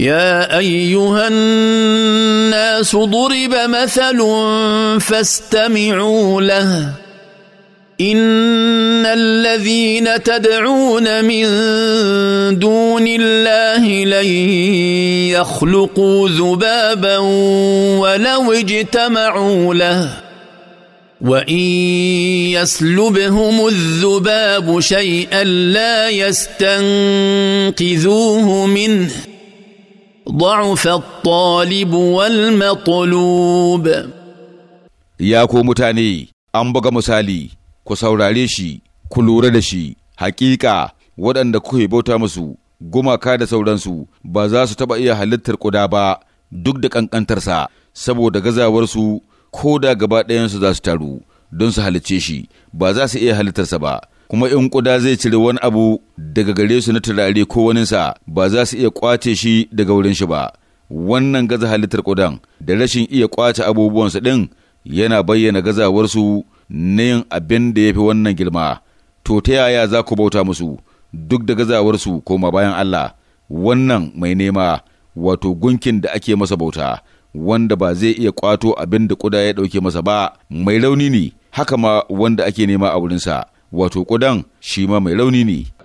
يا ايها الناس ضرب مثل فاستمعوا له ان الذين تدعون من دون الله لن يخلقوا ذبابا ولو اجتمعوا له وان يسلبهم الذباب شيئا لا يستنقذوه منه ضعف الطالب والمطلوب يا كو متاني an buga misali ku saurare shi ku lura da shi hakika waɗanda kuke bauta musu gumaka da sauransu ba za su taɓa iya halittar ƙuda ba duk da ƙanƙantarsa saboda gazawarsu ko da gaba ɗayansu za su taru don su halicce shi ba za su iya halittarsa ba kuma in ƙuda zai cire wani abu daga gare su na turare ko waninsa ba za su iya kwace shi daga wurin shi ba wannan gaza halittar kudan da rashin iya ƙwace abubuwansa din yana bayyana gazawarsu na yin abin da ya fi wannan girma to ta yaya za ku bauta musu duk da gazawarsu koma bayan Allah wannan mai nema wato gunkin da ake masa bauta wanda ba zai iya kwato abin da ƙuda ya ɗauke masa ba mai rauni ne haka ma wanda ake nema a wurinsa wato ƙudan shi ma mai launi ne.